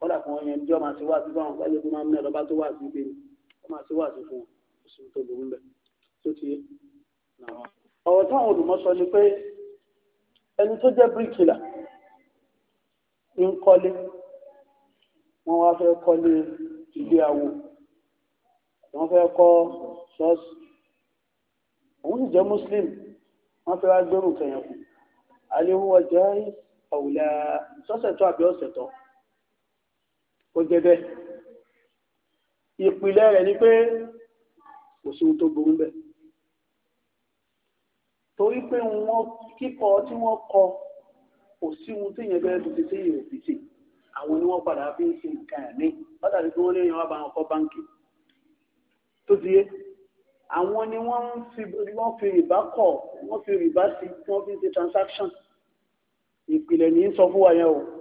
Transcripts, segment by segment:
kọ́dà fún ọyàn ẹni tí wọ́n máa ṣe wáàsí fún àwọn ọ̀gá ìlú máa ń mẹ́rin ọba tó wáàsí gbé ni wọ́n máa ṣe wáàsí fún wọn kò sí tó burú bẹ̀ tó ti yé. ọ̀rọ̀ táwọn olùmọ̀ sọ ni pé ẹni tó jẹ́ bíríkìlà ń kọ́lé wọ́n wá fẹ́ kọ́lé ilé awo wọ́n fẹ́ kọ́ ṣọ́ọ̀ṣì òun sì jẹ́ muslim wọ́n fẹ́ wá gbẹ́rù kẹyàn kù àléwọ́ jẹ́ àwùlà sọ́sẹ̀ kó jẹ́ bẹ́ẹ̀ ìpìlẹ̀ rẹ̀ ni pé kò sí ohun tó burú bẹ́ẹ̀ torí pé wọ́n kíkọ tí wọ́n kọ kò sí ohun tí yẹn bẹ́ẹ̀ tuntun sí ìrò fìtì àwọn ni wọ́n padà fi ń ṣe nǹkan ẹ̀mí látàrí pé wọ́n lè yan wá bá wọn kọ́ báǹkì tó ti yé àwọn ni wọ́n fi wọ́n fi rìbá kọ̀ wọ́n fi rìbá sí wọ́n fi ń ṣe transaction ìpìlẹ̀ ní sọ fún wa yẹn o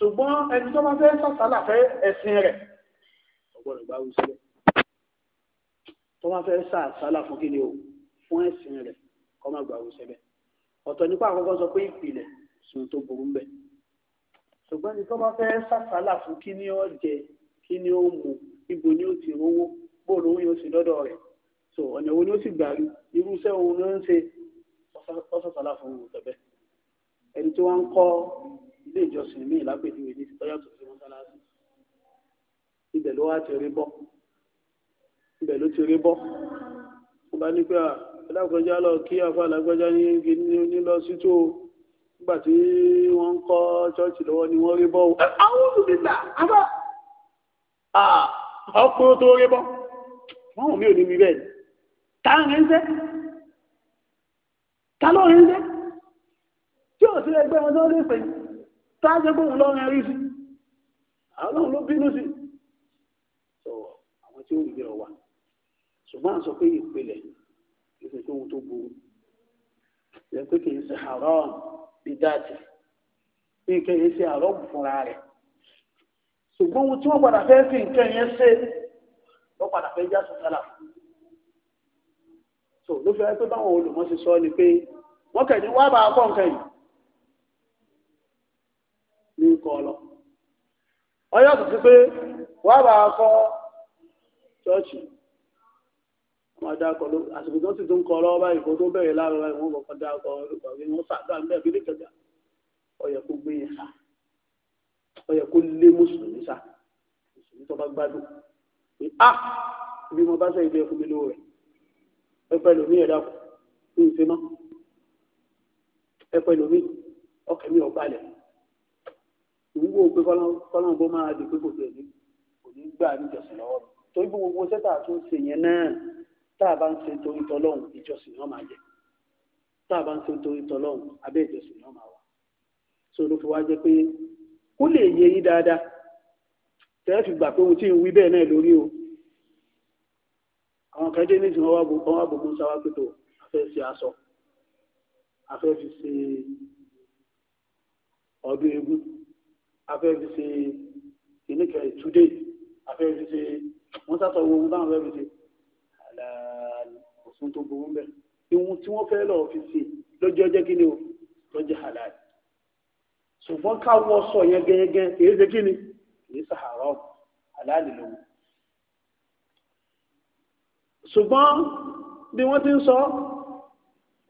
ṣùgbọ́n ẹni tó bá fẹ́ sàtàlà fẹ́ ẹ̀sìn rẹ̀ ọgbọ́dọ̀ gbá wù sílẹ̀ tó bá fẹ́ sàtàlà fún kí ni o fún ẹ̀sìn rẹ̀ kọ́ má gbà wù sílẹ̀ ọ̀tọ̀ nípa àkọ́kọ́ sọ pé ìpìlẹ̀ sùn tó burú ń bẹ̀ ṣùgbọ́n ẹni tó bá fẹ́ sàtàlà fún kí ni ó jẹ kí ni ó mu ibo ni ó ti rówó bóòlù òun yóò sì dọ́dọ̀ rẹ̀ so ọ̀nà wo ni ó sì gbà rí irú iṣẹ́ òun ló ń ṣe ọ̀sọ̀sọ̀lá fún òun tẹ̀bẹ́ ẹni tí wọ́n ń kọ́ ilé ìjọsìn míì lápèjúwe ní tọ́yàtọ̀ sí mọ́sálásí ibẹ̀ ló wá ti rí bọ́ ibẹ̀ ló ti rí bọ́ wọ́n bá ní pé alákọjá lọ kí afọ alágbájá ní ní lọ sí tó nígbà tí wọ́n ń kọ́ ṣọ́ọ̀ṣì lọ́wọ́ ni wọ́n rí bọ́ àwọn olùdíjà àbá ọkùnrin tó rí bọ́ wọ́n mi ò ní wí bẹ́ẹ̀ ta ń ń sẹ́ ta ló ń sẹ́ tí ò sí ẹgbẹ́ wọn tó rí pẹ̀lú sáájú gbóhùn lọ́rin rí sí àwọn ló bínú sí sọ àwọn tí ó wù yẹ wà ṣùgbọ́n à ń sọ pé ìpìlẹ̀ ìpìlẹ̀ tó wù tó burú lẹ pé kì í ṣe àárọ̀ bí dáàtì bí nǹkan yẹn ṣe àárọ̀ bù fúnra rẹ̀ ṣùgbọ́n ohun tí wọ́n padà fẹ́ fi nǹkan yẹn ṣe wọ́n padà fẹ́ já sọ́sálà fún un ló fẹ́ pé báwọn olùmọ̀ ṣe sọ ni pé wọ́n kẹ̀ ní wá bá a kọ́ nǹkan yìí kọ́ ọ lọ. wọ́n yàtọ̀ sí pé wàá bá a kọ́ ṣọ́ọ̀ṣì wọ́n dákọ ló àsìkò tó ti tún kọ lọ́wọ́ báyìí kó tó bẹ̀rẹ̀ láàárọ̀ báyìí wọ́n kọ́kọ́ dákọ orúkọ yìí wọ́n sàdúrà níbẹ̀ bí nìkẹjà ọyẹ kó gbé yẹn sá ọyẹ kó lé mùsùlùmí sá mùsùlùmí tó bá gbádùn pé a ah, bí mo bá sẹ́yìn bẹ́ẹ̀ fún mi lówó rẹ̀ ẹ̀pẹ́ lómi ẹ̀dá kù ní ìfẹ́ mọ́ ẹ̀pẹ́ lómi ọkẹ́ mi ọ̀gbálẹ̀ òun wò ó pé kọ́lọ́n bó máa di pé kò tẹ̀lé kò ní gbà níjọsìn lọ́wọ́ torí bí gbogbo sẹ́tà tó ń ṣe yẹn náà tá a bá ń ṣe torí tọ́lọ́hún ìjọsìn náà máa jẹ tá a bá ń ṣe torí tọ́lọ́hún abẹ́ ìjọsìn náà máa wà so ló fi wá jẹ pé kó lè yé yín dáadáa tẹ́lẹ̀ fi gbà pé ohun tí ń wí bẹ́ẹ̀ náà lórí o àwọn kan dé nísìnyí wọ́n wá gbogbo sáwá pé tó afẹ́ ṣe aṣọ afẹ́ fi ṣe ọdún eégún afẹ́fi ṣe kìnnìkan ìtúdé afẹ́fi ṣe wọ́n sátọ̀ wo ohun táwọn afẹ́fi ṣe àlàálì òsùn tó burú bẹ́ẹ̀ ìhun tí wọ́n fẹ́ lọ́ọ́ fi ṣe lọ́jọ́ ọjọ́ kí ni o lọ́jọ́ àlàálì ṣùgbọ́n káwọ́ sọ yẹn gẹ́gẹ́ kìí ṣe kí ni kìí sàárọ̀ àlàálì lòun ṣùgbọ́n bí wọ́n ti ń sọ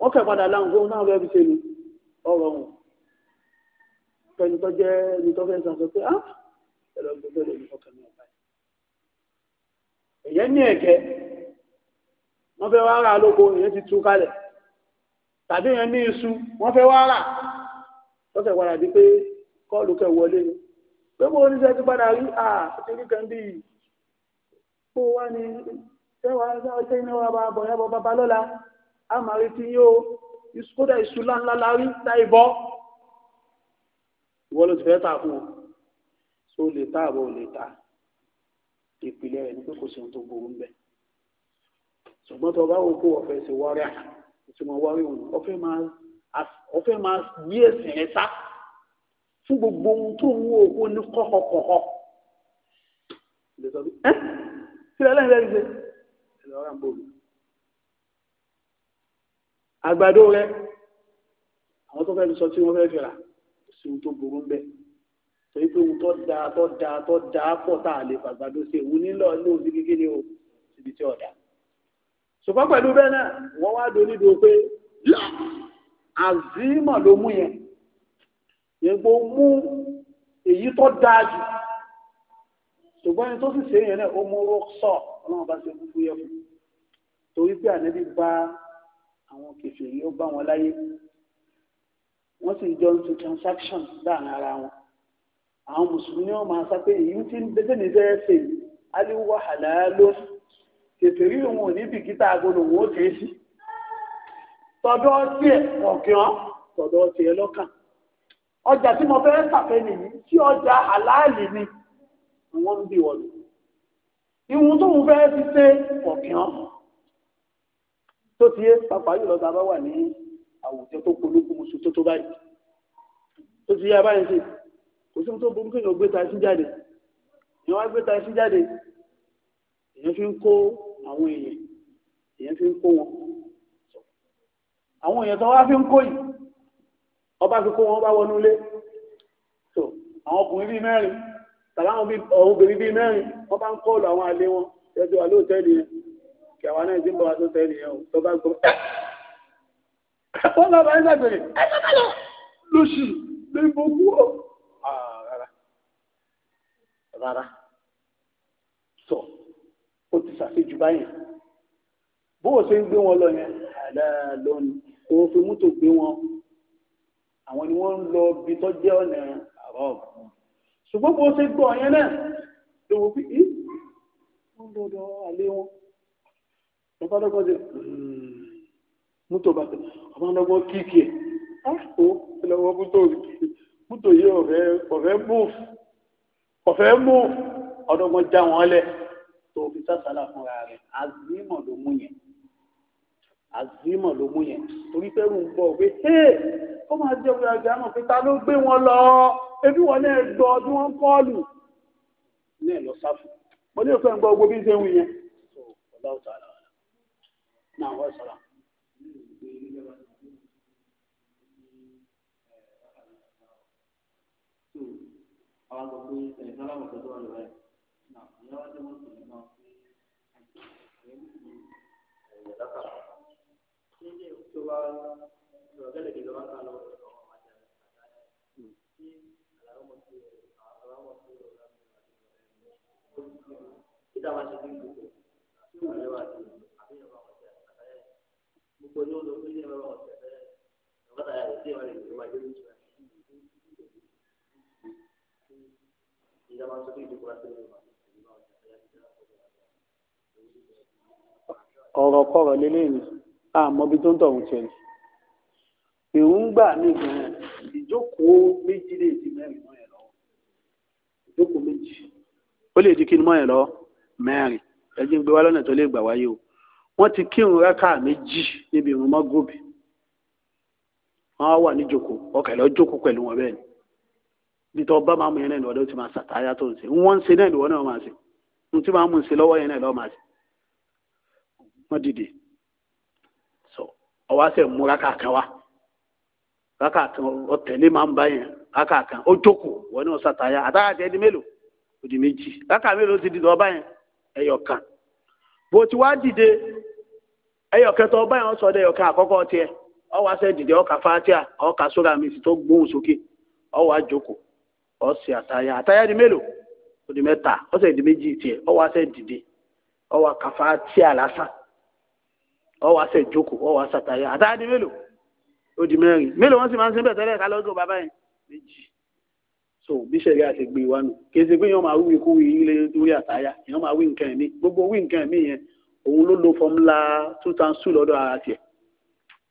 wọ́n kẹ̀ padà láǹgbó náà afẹ́fi ṣe ni ọ̀rọ̀ ọ̀hún pẹ̀lú tó jẹ́ ẹni tó fẹ́ sàn sọ pé ah ẹ̀rọ gbogbo lè ní ọkàn mi ọ̀bá yìí èyẹ ní ẹ̀kẹ́ wọ́n fẹ́ wá rà lóko èyẹ ti tú kalẹ̀ tàbí èyẹ ní iṣu wọ́n fẹ́ wá rà lọ́sẹ̀ padà di pé kọ́ọ̀lù kẹ wọlé ni pé mo oníṣẹ́ ti padà rí à ti rí kan bí kó wá ní sẹ́wàá sẹ́yìn náà wà bá bọ̀ yẹn bọ̀ bàbá lọ́la á máa rí ti yín o kódà iṣu láńlá la rí táì bọ́ ìwọ ló ti fẹ́ tà fún wọn tó lè tà àbọ̀ ò lè tà ìpìlẹ̀ rẹ̀ ni pé kò sí ohun tó burú ń bẹ̀ ṣùgbọ́n tó o bá wo kó ọ̀fẹ́ ṣe wárí à ìtumọ̀ wárí òun ọ̀fẹ́ máa ọ̀fẹ́ máa gbé ẹ̀sìn rẹ̀ sá fún gbogbo ohun tó ń wo owó ní kọ́kọ́kọ́kọ́ lè sọ bí ẹ́ sílẹ̀ lẹ́yìn lẹ́yìn ṣe ẹ̀ lọ́ọ́ rà ń bòlù àgbàdo rẹ àwọn tó fẹ́ sọ tí wọ́n fẹ́ fi rà sí ohun tó burú ń bẹ torí pé ohun tó dáa tó dáa tó dáa pọ̀ tá a lè fàgbàdo ṣe òun nílò ní òsì kékeré o síbi tí ọ̀dà ṣùgbọ́n pẹ̀lú bẹ́ẹ̀ náà wọ́n wá do nídìí pé là àzímọ̀ ló mú yẹn yẹgbó mú èyí tó dáa jù ṣùgbọ́n ẹni tó sì ṣe yẹn náà ó mú rọ́ọ̀sọ̀ ọlọ́run bá ṣe fúfú yẹ fún torí pé ànábì bá àwọn kẹfẹ́ yìí ó bá wọn láyé wọ́n sì jọ ń tu transaction láàrin ara wọn àwọn mùsùlùmí wọn máa sá pé èyí tí ń bẹ́tẹ̀ ní fẹ́ẹ́ fè yìí aliwa halalo kẹfẹ́rí òun ò ní bìkítà agolo òun ó tẹ̀ sí tọ̀dọ̀ tiẹ̀ kọ̀ọ̀kan tọ̀dọ̀ tiẹ̀ lọ́kàn ọjà tí mo fẹ́ẹ́ sàfẹ́ nìyí tí ọjà àláàlì ni wọ́n ń bì wọ̀lú ìwọ̀n tó ń fẹ́ẹ́ fi ṣe kọ̀ọ̀kan tó ti yé pàpà yìí lọ́ta bá wà àwùjọ tó polówó musu tó tó báyìí tó ti yá báyìí sí kò sí tó burúkú èèyàn gbé taxi jáde èèyàn wá gbé taxi jáde èèyàn fi ń kó àwọn èèyàn èèyàn fi ń kó wọn àwọn èèyàn tó wá fi ń kó yìí ọba fi kó wọn bá wọnú ilé tó àwọn ọkùnrin bíi mẹ́rin tàbí àwọn obìnrin bíi mẹ́rin wọ́n bá ń kọ́ọ̀lù àwọn àlè wọn ẹjọ́ àlóòtẹ́ẹ̀lì yẹn kí àwa náà ti ń bọ̀ wá sóòtẹ́ẹ̀lì yẹn o tó bá gbọ́ wọ́n lọ́ba ẹ̀ lágbèrè ẹ̀ lọ́ba lọ lóṣù lè mọ̀ wú ọ. Ah, rárá rárá sọ ó ti ṣàṣejù báyìí bó o ṣe ń gbé wọn lọ yẹn lọ́nù kò fi mọ́tò gbé wọn àwọn ni wọ́n ń lọ bí tó jẹ́ ọ̀nà àbọ̀ ṣùgbọ́n bó o ṣe gbọ́ yẹn náà ló wọ́n fi í wọ́n lọ́dọ̀ àlé wọn lọ́kọ́lọ́kọ́ ṣe. Hmm mọ́tò bá tẹ̀ ọmọ ọlọ́gbọ́n kíkì ẹ̀ ó ọlọ́wọ́ mọ́tò mọ́tò yìí ọ̀fẹ́ ọ̀fẹ́ múùfù ọ̀fẹ́ múùfù ọdọ́gbọ́n já wọn lẹ̀ tó fi sásàlà fúnra rẹ̀ azímọ̀ ló mú yẹn azímọ̀ ló mú yẹn torí fẹ́rù ń bọ̀ pé ṣé ó máa jẹ́ pé àgbà náà pé ta ló gbé wọn lọ ebi wọn náà gbọ́ bí wọ́n kọ́ọ̀lù ní ẹ̀ lọ sáfù mo ní òfin gbọ́ gbogbo bí ń ṣe ń wù yẹn. ọlọ́ọ̀tà náà wọ́n sọ̀rọ̀ tó àwọn àgbà pé ẹ̀ sálámù tó tó wà lọ́wọ́ ẹ̀ náà ìyá wa tó wọ́n tó lọ́wọ́ ẹ̀ lọ́kà Kita masih tunggu polówó tó yẹ lọ ọsẹ fẹrẹ ọgbà tàyà rẹ sí ìwádìí ìwà yóò ní ìṣúra ìjọba tó kéde kó lásìkò ìwà ọ̀rọ̀ kọ̀rọ̀ lélẹ́yìn àmọ́bi tó ń tọ̀hún tiẹ̀ ní. èròǹgbà mi gan-an ìjókòó méjì lè di mẹ́rin mọ́ ẹ̀ ìjókòó méjì ó lè di kí ni mọ́ ẹ̀ mẹ́rin ẹ ń gbé wá lọ́nà tó lè gbà wáyé o wọ́n ti kírun rákà méjì níbi ìrun mọ́gòbì wọ́n wà ní jòkó ọkàlẹ́ ọjọ́kó pẹ̀lú wọn bẹ́ẹ̀ ni nítorí ọba máa mú yẹn náà ní ọdún tí máa ṣàtàyà tó ń ṣe wọ́n ń ṣe náà ní wọ́n náà máa ṣe ohun tí máa mú un ṣe lọ́wọ́ yẹn náà lọ́ọ́ máa ṣe wọ́n dìde sọ ọwọ́ àṣẹ mú rákà kan wá rákà kan ọ̀tẹ̀lé máa ń bá yẹn rákà kan ọjọ́kó wọ́n náà ṣàtàyà àtàrà jẹ́ di mélòó ẹyọkẹtọ ọba yẹn sọdọ ẹyọkẹ àkọ́kọ́ tiẹ̀ ọwọ asẹ dìde ọkà fatia ọkà sóra mẹsì tó gbóhùn sókè ọwọ àjòkò ọsẹ àtàyà àtàyà di mélòó ó di mẹ́ta ọsẹ di méjì tiẹ̀ ọwọ asẹ dìde ọwọ àkà fatia lásán ọwọ asẹ jòkò ọwọ asẹ àtàyà àtàyà di mélòó ó di mẹ́rin mélòó wọn sì máa ń sẹbẹ tẹ́lẹ̀ kálọ ọdún bàbá yẹn méjì so bí sẹ̀rí àti gbé wa nù kí ẹ ti gbé yẹn máa wí ikú wí ilé lórí àtàyà yẹn máa wí nǹkan ẹ̀mí gbogbo wí nǹkan ẹ̀mí yẹn òun ló lo fọmúlà two times two lọ́dọ̀ ara tiẹ̀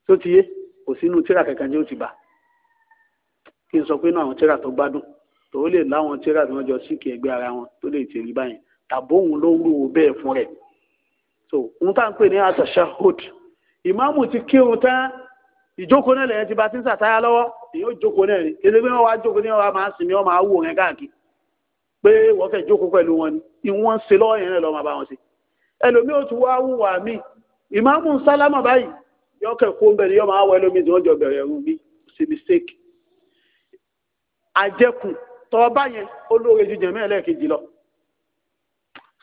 tó ti yé kò sínú tíra kankan tí ó ti bà kí n sọ pé inú àwọn tíra tó gbádùn tó lè láwọn tíra tí wọ́n jọ síkì ẹgbẹ́ ara wọn tó lè tẹ̀lé báyìí tàbí òun ló rú o bẹ́ẹ̀ fún rẹ̀ so òun tá à ń pè ní atashahud ìmáàmù ti kírun tán ìjókòó náà lẹ́yìn tí bá ti ń sàtáyà lọ́wọ́ èyí ó jókòó náà ni kéde pé wọ́n wá jókòó ní ọ̀rọ̀ máa ń sinmi ọ̀rọ̀ máa wò rẹ̀ káàkiri pé wọ́n fẹ́ jókòó pẹ̀lú wọn ni ìwọ́n ń ṣe lọ́wọ́ yẹn náà lọ́ọ́ máa bá wọn ṣe ẹlòmí ò tún wá wùwà mí ìmáàmù sálámà báyìí yọ kẹ̀kọ́ ń bẹ̀rẹ̀ yọ máa wọ ẹlòmí tí bẹ̀rẹ̀ ẹ̀rù mi sí mistake àjẹkù tọ́ báyẹn olóore ju jẹ̀mí ẹlẹ́ẹ̀kejì lọ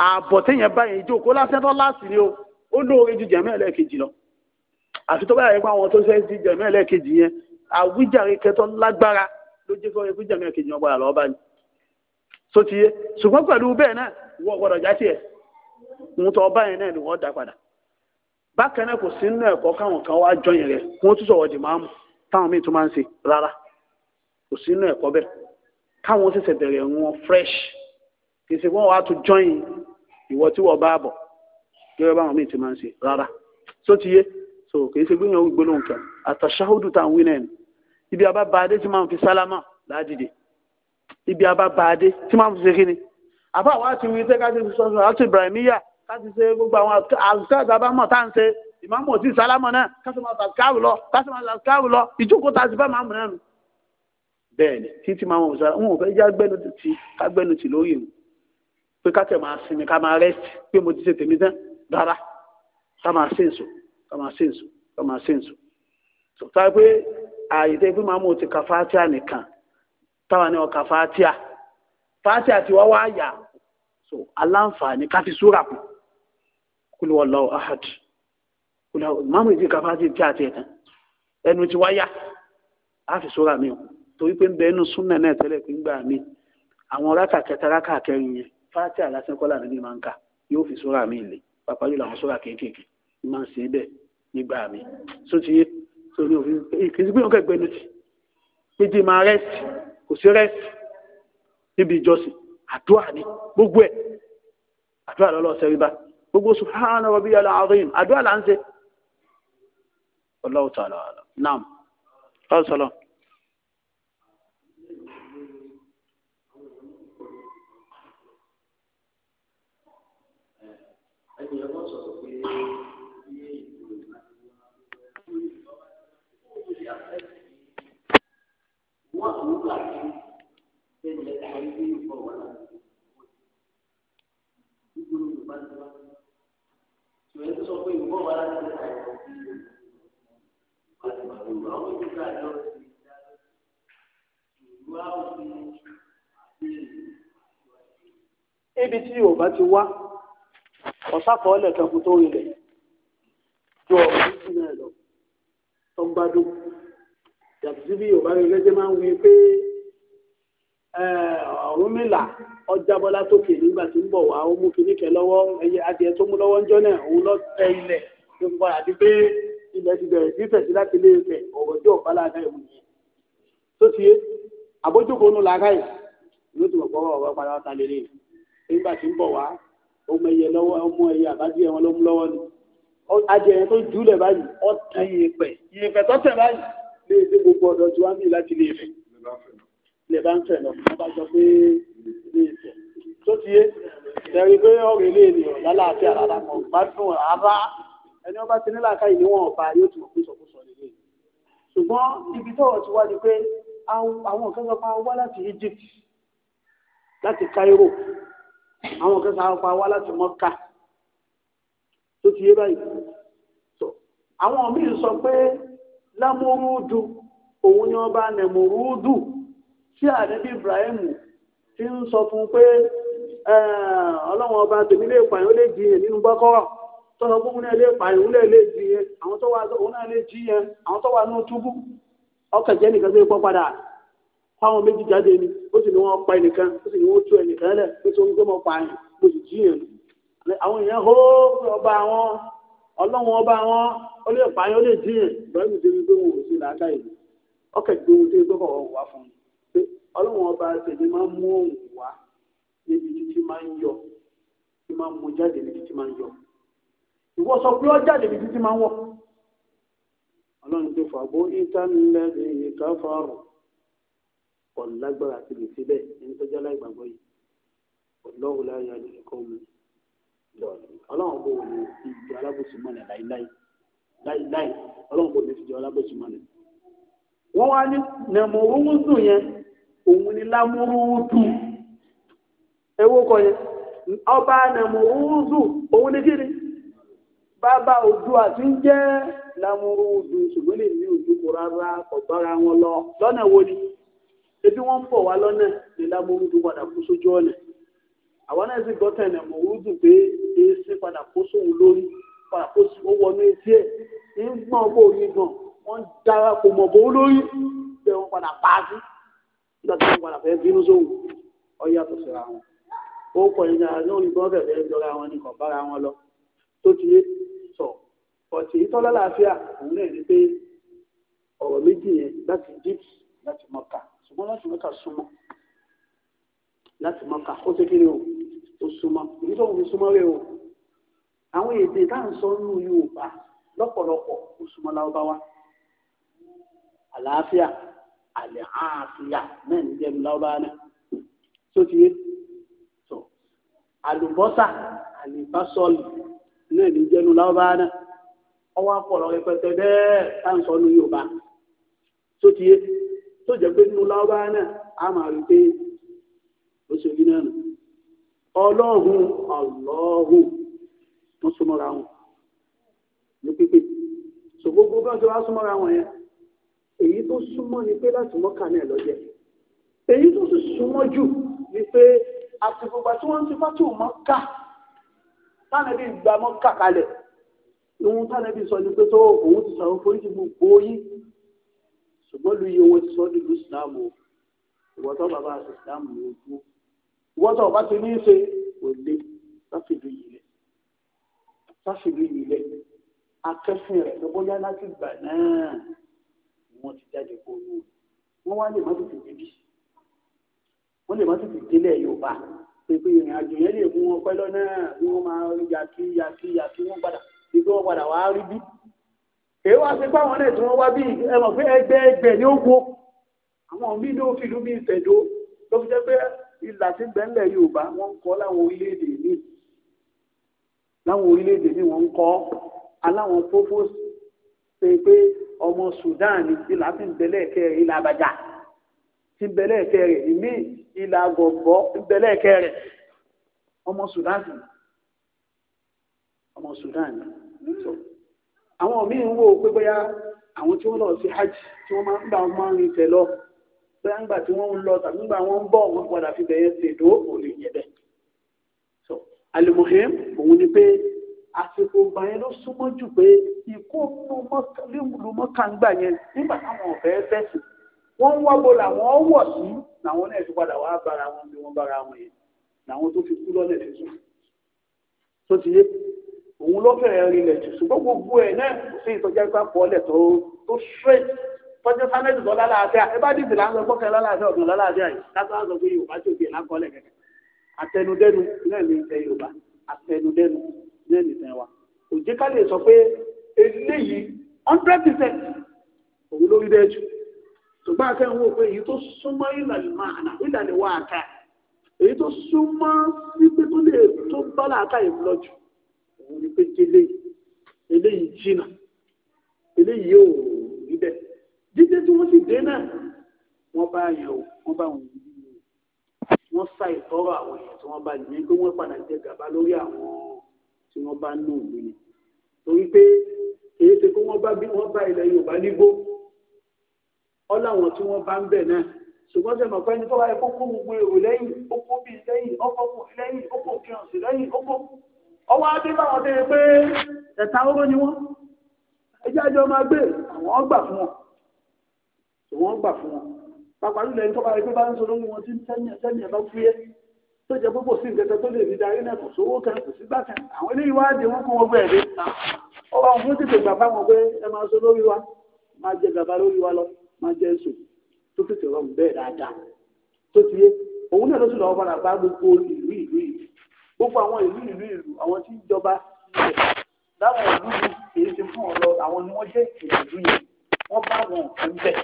ààbọ̀ téèyàn báyẹn ìjókòó lásán tó láàsì ni o olóore ju jẹ̀mí ẹlẹ́ẹ̀kejì lọ àfi tó bá yẹ pé àwọn tó ṣe ti jẹ̀mí ẹlẹ́ẹ̀kejì yẹn àwíjàre kẹtọ́ lágbára ló jẹ́ fọ́ ẹkú jẹ̀mí ẹlẹ́ẹ̀kejì wọn gbọ́dọ̀ lọ́ọ́ báyìí ohun tó bá yẹn náà ni wọ́n dá padà bákan náà kò sí nínú ẹ̀kọ́ káwọn kan wá jọyìn rẹ̀ kí wọ́n tún sọ̀rọ̀ jì máa mú táwọn míì tún máa ń ṣe rárá kò sí nínú ẹ̀kọ́ bẹ́ẹ̀ káwọn ṣẹ̀ṣẹ̀ bẹ̀rẹ̀ wọn fresh kì í ṣe wọ́n wá tún jọyìn ìwọ tí wọ́n bá bọ̀ gẹ́gẹ́ báwọn míì ti máa ń ṣe rárá só ti yé so kì í ṣe gbéyàn gbólóhùn kan àtàṣáhùdù tá à ń wí náà ni ibi abá ba adé tí máa ń fi sálámà ládìde ibi abá ba adé tí máa ń fi ṣe kí ni àbá wa ti wí tẹ́ka ti fi sọ́sọ́ àti Ibrahimiya láti ṣe gbogbo àwọn àlùkàtà tá a bá mọ̀ tá à ń ṣe ìmáàmù òtí sálámọ̀ náà kásìmọ̀ àtàkárù lọ kásìmọ̀ àtàkárù lọ ìjókòó tá a ti bá màmù náà nù. bẹ́ẹ̀ni títí máa wọn sọ wọn ò fẹ́ já gbẹnu ti ká gbẹnu ti lórí ìrùn pé ká tẹ̀ máa sinmi ká máa rẹ́sì pé mo ti ṣe tèmi tán rárá ká máa ṣe èso ká máa ṣe èso ká máa ṣe èso. sọ̀tà pé ààyè tẹ́ pé màmú ti ka fátíà nìkan táwa ni ọkà fátíà fátíà ti wá wá yà so aláǹfààní ká fi súrà kù kúlù wallahu ahad kúlù máàmù ìdí kàfá ti tí àti ẹ̀tàn ẹnu ti wáyà á fi sóra mi o torí pé ń bẹ inú súnmọ̀ náà tẹ́lẹ̀ pé ń gbà mí àwọn rákà kẹta rákà kẹrin yẹn fáti àlásán kọ́là níbi máa ń kà yóò fi sóra mi lè pàpà yóò làwọn sóra kéékèèké ń máa ń ṣe bẹ́ẹ̀ nígbà mi sótìyé sórí òfin kì í sí pé wọn kẹgbẹ́ nu ti méjì máa rẹ́sì kò sí rẹ́sì níbi ìjọsìn àdúrà ni gbogbo ẹ̀ àdúrà lọ́lọ́ sẹ́rí بقول سبحان ربي العظيم أدوى العنزة والله تعالى أعلم نعم قال صلاة Thank you. ìwé tó sọ pé ìwọ wà láti ṣe àìsàn sí ìlú láti máa lò àwọn ìdílé àjọ ti dá ìlú àwòsí àti ibi tí yóò bá ti wá ọ̀sàkọọ́lẹ̀ kan kó tó rinlẹ̀ ju ọ̀rọ̀ títí náà lọ tó ń gbádùn yàtọ̀ sí bí yóò bá rí lẹ́jẹ́ máa ń wí pé. Eh, Ọ̀rúnmìlà ọjàbọ́lá tókè nígbà tí ń bọ̀ wá ó mú kinní kẹ lọ́wọ́ ẹyẹ adìẹ tó mú lọ́wọ́ ńjọ́ náà òun lọ tẹ ilẹ̀ tó ń padà di pé ilẹ̀ ti bẹ̀rẹ̀ sí fẹ̀sí láti lé ẹ̀fẹ̀ ọ̀rọ̀ tí ọ̀pá láàká ìwé yẹn tó ti yé àbójúkò nù làákà yìí ló ti wọ̀pọ̀ ọ̀rọ̀ padà ọ̀tá lélẹ̀ nígbà tí ń bọ̀ wá ó mú ẹyẹ lọ́wọ́ ó mú ẹyẹ àbájẹ wọn ló mú lọ́wọ́ ni adìẹ yẹn tó júlẹ̀ báyìí ọ̀tàn yẹpẹ̀ yẹpẹ̀ tọ́tẹ̀ báyìí lè e dé gbogbo ọ̀dọ̀ tí wọ́n ń bì láti lé ẹ̀fẹ̀ e ilẹ̀ bá ń tẹ̀ lọ wọ́n bá jọ pé ilé ìfẹ́ tó ti yé tẹ̀rí pé ọ̀rọ̀ ilé ènìyàn lálàáfíà rárá kan gbádùn rárá ẹni wọ́n bá ti nílàáká yìí níwọ̀n ọba yóò ti mọ̀ pé sọ̀kúsọ nílé ṣùgbọ́n ibi tọ́wọ́ ti wá ni pé àwọn kan sọ pé a wá láti Egypt láti Cairo àwọn kan sọ pé a wá láti Mọ́kà tó ti yé báyìí àwọn míì sọ pé lámúrúdù òun ni wọ́n bá nẹ̀múrúdù. tí bí Ibrahim ti ń sọ fún pé ọlọ́run ọba tèmi lè pààyàn ó lè jiyàn nínú gbọ́kọ́rọ̀ tọ́lọ́ gbóhùn náà lè pààyàn ó lè àwọn tó wà òun náà lè àwọn tó wà túbú ọkàn jẹ́ nìkan tó yẹ kó padà fáwọn méjì jáde ni ó sì ní wọ́n pa ẹnìkan ó sì ní wọ́n tú ẹnìkan lẹ̀ pé gbé mọ́ pààyàn mo sì àwọn èèyàn hó ọba ọlọ́run ọba tèmi máa ń mú òun wá níbi títí máa ń yọ tí máa ń mú jáde níbi títí máa ń yọ ìwọ sọ pé ó jáde níbi títí máa ń wọ ọlọ́run ti fàbó ìtànlẹ́bí ìkáfàrọ̀ kò lágbára àti lè fi bẹ́ẹ̀ ẹni tó jálá ìgbàgbọ́ yìí ọlọ́run láyé àjẹkọ́ mi ọlọ́run bò wọlé ìjọ alábòsí mọ́lẹ̀ láíláí láíláí ọlọ́run bò wọlé ìjọ alábòsí mọ́lẹ̀ wọ́n wá ní nàmọ̀ owó sùn yẹn òun ni lámúrúùtù ẹwọ́ kọ yẹn ọba nàmúrúùtù òun ni kí ni bàbá Oòduà tí ń jẹ́ lámúrúùtù ṣùgbọ́n lè ní ojú kò rárá ọ̀gbára wọn lọ lọ́nà wo ni ebi wọ́n ń bọ̀ wá lọ́nà ní lámúrúùtù padà kú sójú ọ̀nà àwọn náà sì gbọ́tẹ̀ nàmúrúùtù pé èsì padà kó sóhun lórí padà kó wọnú etí ẹ̀ ń gbọ́n bó yí gan wọ́n dára kò mọ̀ bó lórí bẹ́ẹ̀ wọ́n padà pa á sí nígbà tí wọ́n padà fẹ́ bínú sóhùn ọ yàtọ̀ síra wọn ó pọ̀ nígbà náà ní gbọ́n fẹ̀fẹ́ jọra wọn ní kàn bára wọn lọ tó ti yé sọ ọ̀tí tọ́lá làáfíà òun náà ní pé ọ̀rọ̀ méjì yẹn láti Egypt láti Mọ́kà ṣùgbọ́n láti Mọ́kà súnmọ́ láti Mọ́kà ó ṣe kéré o ó súnmọ́ ìdí tó fi súnmọ́ rẹ o àwọn èdè tá à ń sọ nínú Yorùbá lọ́pọ̀lọpọ̀ ó súnmọ́ Lárúbáwá àlàáfíà àlẹ́ àáfíà náà ní jẹ́nu lábá náà tó ti yé tó àlùbọ́sà àlìbásọ́ọ̀lù náà ní jẹ́nu lábá náà ọwọ́ àpọ̀lọ́ rẹpẹtẹ bẹ́ẹ̀ táǹsọ̀ ní Yorùbá tó ti yé tó jẹ́ pé nínú lábá náà a máa rí pé ó ṣe rí náà nù ọlọ́hun ọlọ́hun tó súnmọ́ra wọn ní pípé ṣògbógbó bí wọ́n ti wá súnmọ́ra wọn yẹn èyí tó súnmọ́ ni pé láti mọ́kà náà lọ́jẹ́ èyí tó sì súnmọ́ jù ni pé àtìgbògbà tí wọ́n ti fátì ò mọ́kà tánàbí gba mọ́kà kalẹ̀ ohun tánàbí sọ ni pé tó òun ti sọ̀rọ̀ foríjì gbogbo yín ṣùgbọ́n lu iye owó ti sọ nílùú ìsìláàmù ìwọ́tọ̀ bàbá àti ìsìláàmù ló dúró ìwọ́tọ̀ bá ti ní í ṣe kò lé sáfìlú yìí lẹ̀ sáfìlú yìí lẹ̀ akẹ́fìn rẹ̀ lọ́bọ́yá láti gbà náà wọ́n ti jáde kó ní wọ́n wá lè má tètè débi wọ́n lè má tètè délẹ̀ Yorùbá pé ìrìn àjò yẹn lè mú wọn pẹ́ lọ́nà bí máa ya kí ya kí ya padà bí kí wọ́n padà wàá rí bí. èyí wá sí fáwọn náà tí wọ́n wá bí ẹ mọ̀ pé ẹgbẹ́ ẹgbẹ́ ní ogun àwọn míín ló fi ìlú bí ìfẹ̀dó ló fi jẹ́ pé ìlà tí gbẹ́ńlẹ̀ Yorùbá wọ́n ń kọ́ láwọn orílẹ̀-èdè míì láwọn orílẹ̀-èdè míì wọ́n ń kọ́ aláwọn fófó ṣe pé ọmọ Sudan ìlà ti ń bẹ̀lẹ̀ kẹrẹ̀ ìlà àbàjá ti ń bẹ̀lẹ̀ kẹrẹ̀ ìmí ìlà àgọ̀bọ̀ ti ń bẹ̀lẹ̀ kẹrẹ̀ ọmọ Sudan sì ọmọ Sudan àwọn míì ń wò ó pé bóyá àwọn tí wọ́n lọ sí hajj tí wọ́n máa ń gbà wọ́n máa ń rìn tẹ̀ lọ bóyá ńgbà tí wọ́n ń lọ tàbí ńgbà wọ́n ń bọ̀ wọ́n padà fi bẹ̀yẹ ṣèdó òní ìyẹ̀bẹ̀. alimuhim òun ni pé àsìkò ìgbà yẹn ló súnmọ́ jù pé ikú ló mọ́ka ń gbà yẹn nígbà táwọn ọ̀fẹ́ fẹ̀sì wọ́n ń wábo làwọn wọ̀ sí làwọn náà ti padà wá bára wọn bí wọ́n bára wọn yẹn làwọn tó fi kú lọ́lẹ̀ fi sùn tó ti yé òun lọ́fẹ̀ẹ́ rinlẹ̀ jù ṣùgbọ́n gbogbo ẹ̀ náà kò sí ìtọ́jà ìgbà pọ̀ọ́lẹ̀ tó tó straight tọ́jú sánẹ́tì tó lálàáfíà ẹ bá dìbò là ń sọ gbọ́kẹ́ lálàáfíà ọ̀gbìn lálàáfíà yìí látọ̀ àgbà pé Yorùbá tó bí ẹ̀ lákọ́ọ́lẹ̀ kẹ̀kẹ́ àtẹnudẹ́nu náà ní ilẹ̀ Yorùbá àtẹnudẹ́nu nínú ìsìn wa kò jẹ́ ká lè sọ pé eléyìí hundred percent òun ló rí bẹ́ẹ̀ jù ṣùgbọ́n akẹ́yìn wò pé èyí tó súnmọ́ ìlànà màánà ìlànà wà áká èyí tó súnmọ́ wípé tó lè tó bá làákà yìí lọ jù òun ni pé jẹ́ eléyìí eléyìí jìnnà eléyìí yóò rí bẹ́ẹ̀ jíjẹ́ tí wọ́n sì dé náà wọ́n bá yẹn o wọ́n bá wọn yìí wọ́n sá ìtọ́rọ̀ àwọn èèyàn tí wọ́n bá yẹn pé wọ́n padà jẹ gàba lórí àwọn tí wọ́n bá lò wí ni torí pé kìí ṣe kó wọ́n bá bí wọ́n bá ilẹ̀ Yorùbá nígbó ọ láwọn tí wọ́n bá ń bẹ̀ náà ṣùgbọ́n ṣe mọ̀pẹ́ ní tọ́wá ẹ̀kọ́ kó gbogbo èrò lẹ́yìn ó kó bíi lẹ́yìn ọkọ̀ kò lẹ́yìn ó kò kírun sí lẹ́yìn ó kò ọwọ́ adé báwọn tẹ́ ẹ pé ẹ̀ta oró ni wọ́n ẹjẹ́ àjọ máa gbé àwọn gbà fún wọn ṣùgbọ́n gbà fún wọn pàpàlú lẹ́yìn tọ́wá ẹgbẹ́ bá ń sọ lóhun wọn tí ń tẹ́yìn tó jẹ púpọ̀ sí nǹkan tó lè fi darí náà kò sówó kan kò sí bákan àwọn eléyìí wá dé wọn kó wọn gbẹ̀rẹ̀ ó wà fún tètè gbà bá wọn pé ẹ máa sọ lórí wa máa jẹ gàba lórí wa lọ máa jẹ èso tó tètè rọrùn bẹ́ẹ̀ dáadáa tó ti yé òun náà ló sì lọ́wọ́ padà bá gbogbo ìlú ìlú ìlú gbogbo àwọn ìlú ìlú ìlú àwọn tí ń jọba láwọn ìlú èyí ti fún ọ lọ àwọn ni wọ́n jẹ́ ìlú yẹn wọ́n bá wọn kàn bẹ́ẹ̀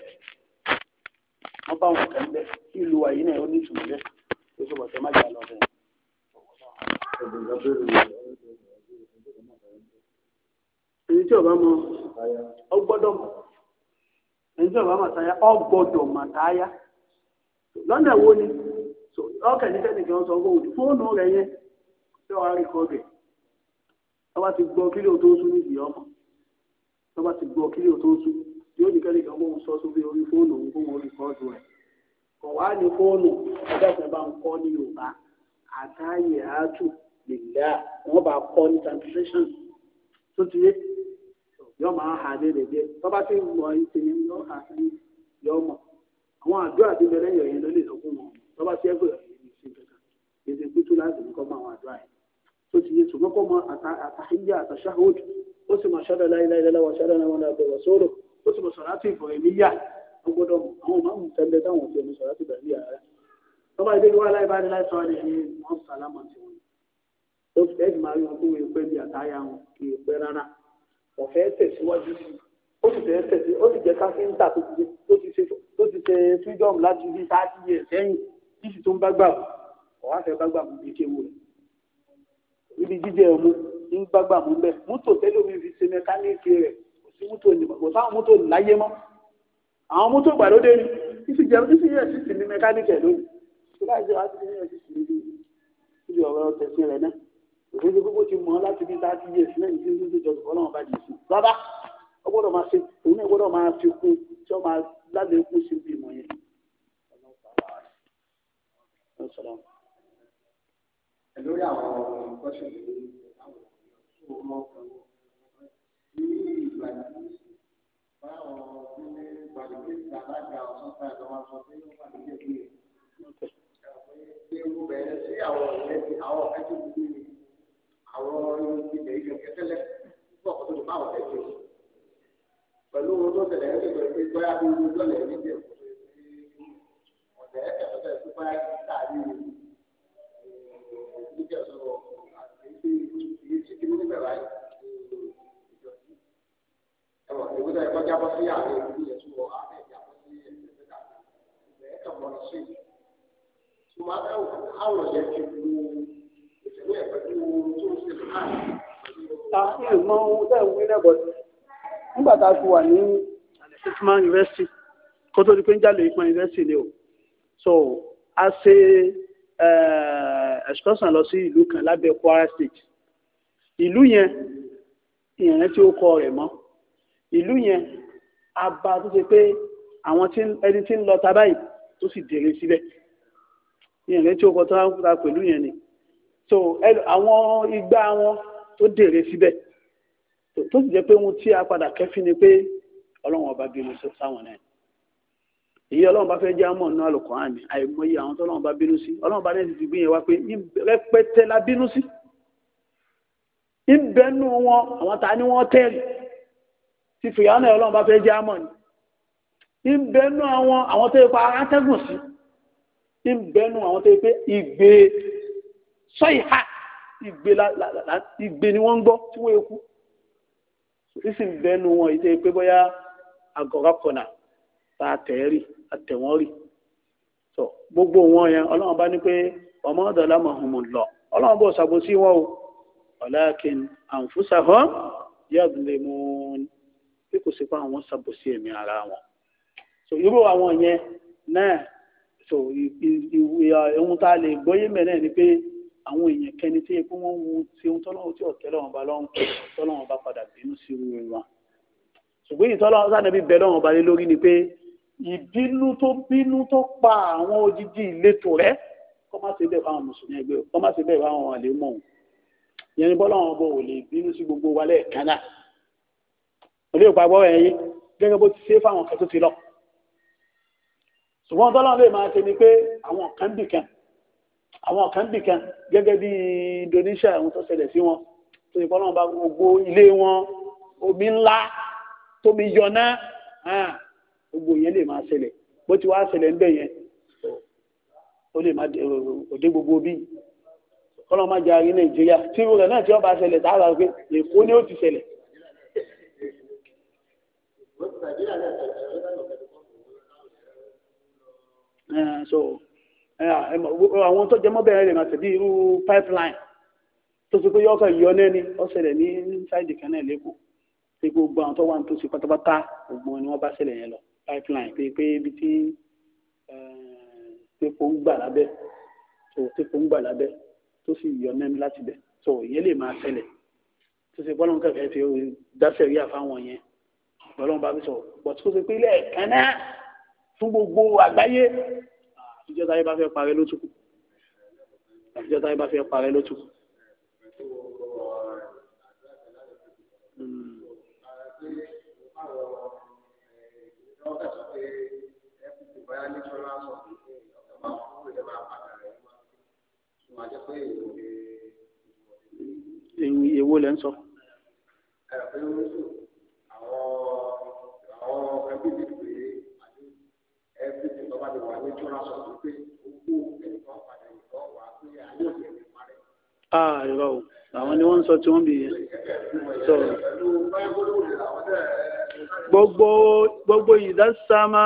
wọ́n bá wọn kàn bẹ́ẹ̀ ìlú àyínà ẹ̀ ó ní ìtumọ̀ bẹ́ẹ̀ ó sì bọ̀tẹ́ má jà lọ bẹ̀. ẹni tí ọba mọ ọ gbọ́dọ̀ mọ ẹni tí ọba mọ táyà ọ gbọ́dọ̀ mọ táyà lọ́ndà wo ni ọkẹ́ ní tẹ́nìkan sọ fóònù fóònù rẹ̀ yẹn tí wàá rí kọ́ bẹ̀ ọba ti gbọ́ kílíò tó sún níbi ọmọ ọba ti gbọ́ kílíò tó sún yóò ní kẹ́nìkan kó sọ sórí fóònù òun kó wọn rí kọ́ọ̀dù rẹ̀ kò wá ní fóònù ẹgbẹ́sẹ̀ bá ń kọ́ ní yorùbá àtàyè àtù nìgbà wọ́n bá kọ́ ní translation tó ti yé yọ máa hà ní èdè tọ́ba tí ń wọ ìṣe yẹn yọ hà sí yọ mọ̀ àwọn àdúrà tí bẹ̀rẹ̀ yọ̀ yẹn ló lè lọ́kùn wọn tọ́ba tí ẹgbẹ́ yọ̀ yẹn ṣe kankan èdè kútú láti ní kọ́ mọ àwọn àdúrà yẹn tó ti yé ṣùgbọ́n kọ́ mọ àtàhíyà àtàṣáhóòdù ó sì mọ̀ ṣọ́dọ̀ láyé láyé lọ́wọ́ ṣọ́dọ̀ náà wọn lọ́wọ́ sóró ó sì mọ̀ sọ̀rọ̀ ó gbọ́dọ̀ mọ̀ àwọn máa ń mú tẹ́lẹ̀ táwọn ti omi sọ̀rọ̀ ti bẹ̀rẹ̀ bí ara tó bá dé wá láìpẹ́ adé láìsọ ni ẹni wọ́n sàlámà ti wọn tó fi ẹ̀dì máa rí wọn fún ìpẹ́ bí àtàyà wọn kì í pẹ́ rárá ọ̀fẹ́ tẹ̀síwájú sí ó sì fẹ́ tẹ̀sí ó sì jẹ́ káfíńtà tó ti ṣe freedom láti bí thirty years sẹ́yìn tí sì tó ń bá gbà ọ̀ wá fẹ́ bá gbà mú bí kéwu rẹ̀ níbi jíjẹ ọmú ń bá gbà mú bẹ́ẹ̀ mọ́tò tẹ́lẹ̀ omi fi ṣe mẹkáníìkì rẹ̀ kò sí mọ́tò láyé mọ́ àwọn mọ́tò gbàlódé ni ìsì jẹ ìsì yẹ sísì ní mẹkáníkì ẹ lónìí tó bá ṣe wá sí ní ẹsìsì níbi níbi ọ̀rọ̀ tẹ̀sí náà òṣèlú gbogbo ti mọ̀ láti bí tá a ti yẹ sí náà ìdí níbi ìjọsìn ọlọ́run bá jẹ sí bàbá ó gbọ́dọ̀ máa ṣe òun náà gbọ́dọ̀ máa fi kún tí ó máa lálẹ́ kún sí ibi ìmọ̀ yẹn. lórí àwọn kọ́ṣẹ́ ìlú àwọn ọmọ ìpàdé tí alága ọ̀sán tá a lọ máa sọ pé ó wà ní ẹgbẹ́ rẹ̀. ṣé o bẹ̀rẹ̀ sí àwọn ọ̀rẹ́ ti àwọn ọ̀rẹ́ tó kú ní àwọn ilẹ̀ ìjọ kẹtẹlẹ púpọ̀ kó tó lè má wọ̀ ẹ́ tó. pẹ̀lú owó tó tẹ̀lé ẹ̀ tó pé bóyá bí ojú ọjọ́ lẹ̀ ní ìdí ẹ̀kọ́ ọ̀dẹ̀ ẹ̀ tẹ̀lé tó bá yẹ kí láàrin ìdíjẹ́ sọ̀rọ̀ àti ìdíjẹ́ tó ẹ̀kọ́ jábọ́ sí àárẹ̀ ìlú yẹn tó wọ àárẹ̀ jábọ́ sí ẹ̀sẹ̀ tó dàgbà ìbẹ̀ ẹ̀kọ́ mọ́ ní sí tó máa bẹ́ẹ̀ wò áwọ̀ yẹn ti lu ìṣẹ̀lẹ̀ ẹ̀kọ́ tó ń ṣe láàyè. ta ìmọ̀ ohun tẹ́ ń wí lẹ́bọ̀ nígbà tá a wà ní Hitman University kó tó pé ń jáde Hitman University ni o so a ṣe eh, excursion lọ sí ìlú kan lábẹ́ Kwara State ìlú yẹn ìyẹn tí ó kọ rẹ̀ mọ́ ìlú yẹn abá tó ṣe pé àwọn ẹni tí ń lọ ta báyìí tó sì dèrè síbẹ̀ ìyẹn lẹ́tí ó kọ tó ń ta pẹ̀lú yẹn ni so àwọn igbá wọn tó dèrè síbẹ̀ tó sì jẹ́ pé ohun tí a padà kẹ́fín ni pé ọlọ́run ọba bínú sáwọn náà èyí ọlọ́run bá fẹ́ jẹ́ àmọ́ ọ̀nà àlùkòrán mi àìmọye àwọn tó ọlọ́run bá bínú sí ọlọ́run bá nẹ́ẹ̀sì ti gbé yẹn wá pé rẹpẹtẹ la bínú sí ìbẹ́nu wọn àwọn ta ni wọ́n tẹ́lẹ̀ tí fìyàwó náà ọlọ́run bá fẹ́ jẹ́ àmọ́ ni ìbẹ́nu àwọn àwọn tó yẹ pa atẹ́gùn sí ìbẹ́nu àwọn tó yẹ pé ìgbé sọ́ìhà ìgbé ni wọ́n ń gbọ́ tí wọ́n ekú ìsìn bẹ́nu wọn ìtẹ́ pé bóyá àgọ́rọ́ kọ̀nà tá a tẹ̀ rí àtẹ̀wọ́n rí tó gbogbo wọn yẹn ọlọ́run bá ní pé ọmọ ọ̀dọ̀ lámọ̀húnmọ̀ lọ ọlọ́run bọ̀ ṣàbòsí wọn o ọ̀làkìn àǹfùsàhọ́ yàgùlẹ̀mọ́ni bí kò sí pé àwọn ṣàbòsí ẹ̀mí ara wọn so irú àwọn yẹn náà so ohun tá a lè gbọ́yé mẹ́rẹ̀ ni pé àwọn èèyàn kẹni tí epo wọn wu ti ohun tọ́lọ́wọ́ tí ọ̀tẹ́ lọ́wọ́ bá lọ́wọ́ tọ́lọ́wọ́ bá padà bínú sí irú wọn ṣùgbọ́n ìtọ́lọ́wọ́ sànẹ́bí bẹ lọ́wọ́ bá lé lórí ni pé ìbínú tó bínú tó pa àwọn odidi ìletò rẹ̀ kọ́ má ṣe bẹ́ẹ̀ fáwọn mùsùlùmí ẹgbẹ́ kọ́ má ṣe bẹ́ẹ̀ fáwọn àlè mọ̀ òun yẹn ni bọ́lọ́wọ́ bọ̀ ò lè bínú sí gbogbo wa lẹ́ẹ̀kan náà olè ìgbàgbọ́ rẹ̀ yìí gẹ́gẹ́ bó ti ṣe fáwọn kan tó ti lọ ṣùgbọ́n tọ́lọ́ lè máa ṣe ni pé àwọn kan bì kan àwọn kan bì kan gẹ́gẹ́ bí Indonesia àwọn tó ṣẹlẹ̀ sí wọn tó yẹ kọ́lọ́n bá gbogbo ilé wọn omi ńlá tómi yọná gbogbo yẹn lè máa ṣẹlẹ̀ bó ti wá ṣẹlẹ̀ ńbẹ̀ yẹn ó lè má òde gbogbo bí kọ́lọ́n má jẹ́ àrí Nàìjíríà tí irú rẹ̀ náà tí wọ́n bá ṣẹlẹ̀ tá pé Èkó ni ó ti ṣẹlẹ̀ Eh, so eh, ah, eh, àwọn tó jẹ mọ́bẹ̀rẹ̀ rẹ̀ màtí bí irú pipeline tó ti pé yọ́kọ̀ yọ lẹ́ni ọ̀sẹ̀lẹ̀ ní ṣáìdì kan náà lẹ́kọ̀ọ́ pé gbogbo àwọn tó wà nítòsí pátápátá ògbọ́n ni wọ́n bá ṣẹlẹ̀ yẹn lọ pipeline pé pé ibi tí tepo ń gbà lábẹ́ tó tepo ń gbà lábẹ́ tó sì yọ lẹ́ni láti bẹ̀ tó ìyẹn lè máa ṣẹlẹ̀ tó ti pọ́nlọ́nkà fẹ́ fi dáṣẹ̀ rí àfáwọn yẹn lọ́lọ́run bá mi sọ bọ̀tí kó ṣe pé ilé ẹ̀kan náà fún gbogbo àgbáyé àtijọ́ táyé bá fẹ́ parẹ́ ló tukù àtijọ́ táyé bá fẹ́ parẹ́ ló tukù. Hmm. èwo lẹ́ ń sọ bíbí pé ẹbíbi tó bá ti wà ní ìtura sọ fún pé owó ẹnìkan padà ìtọ́ wà pé ayé òde ní parẹ́. a ah, irọ́ o àwọn ni wọ́n ń sọ tí wọ́n bì yẹn sọ. gbogbo gbogbo ìdásámá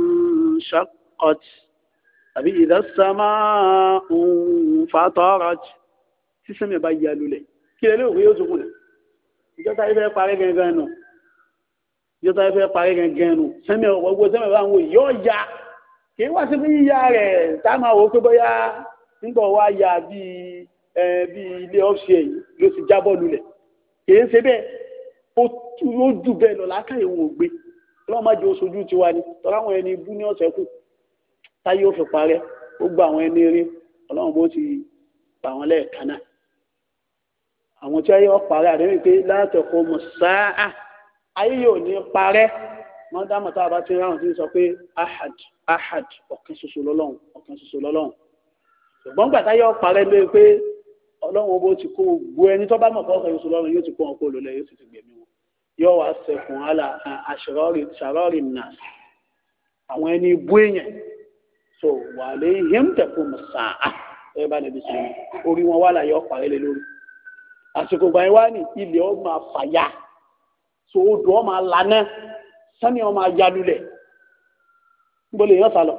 ń àbí ìdásámá ń fàtọ́rọ̀tì bá yà lulẹ̀ kí lè lè òwe tó kù lẹ̀ ìjọba ìfẹ́ parí gangan náà yóò tó fẹ́ parí gangan nu sẹ́mi ọ̀gbọ́gbọ́ sẹ́mi ọ̀gbọ́n àwọn yóò ya kì í wá sí fún yíya rẹ̀ tá a máa wò ó pé bóyá nígbà wá ya bíi bíi ilé ọ̀ṣẹ́ yìí ló ti jábọ́ lulẹ̀ kì í ṣe bẹ́ẹ̀ ó jù bẹ́ẹ̀ lọ lákàyè wò gbé ọlọ́mọdé oṣooju tiwa ni tọ́lá àwọn ẹni bú ní ọ̀sẹ̀ kù táyé ó fi parẹ́ ó gba àwọn ẹni rí ọlọ́run bó ti pa àwọn lẹ́ẹ̀kan náà àwọn tí ayé ọ̀ parẹ́ àdéhùn pé látẹ̀kọ́ mọ̀ sáà ayé yóò ní parẹ́ wọ́n dá mọ̀tá àbá tí ráhùn tí ń sọ pé ahad ahad ọ̀kan ṣoṣo lọ́lọ́run ọ̀kan ṣoṣo lọ́lọ́run ṣùgbọ́n gbàtá yóò parẹ́ lórí pé ọlọ́run owó ti kó gbó ẹni tó bá mọ̀ fọ́ ọ̀kan ṣoṣo lọ́run yóò ti kó wọn kó lulẹ̀ yóò sì ti gbẹ̀mí wọn yóò wá sẹ̀kùn àlà àṣàrọ́rì nà àwọn ẹni ibú èèyàn tó wà lé yẹn tẹ̀kùn sàá ẹ so odò ọmọ alànà sani ọmọ ayálulẹ̀ nbọlẹ̀ yẹn sálọ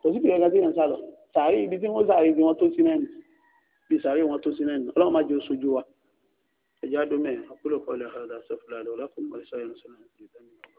tòsí bìrẹ̀ kan sí yẹn sálọ sàárè ibi tí wọ́n sàárè ibi wọn tó sí náà bí sàárè wọn tó sí náà nì ọlọ́run má jẹ́ oṣooju wa ẹ̀jẹ̀ adómẹ̀ akúlọ̀kọ̀ ọ̀lẹ̀ ọ̀dà sọ̀fúnlá ọ̀lẹ́kùnrin mọ̀lẹ́sọ̀rọ̀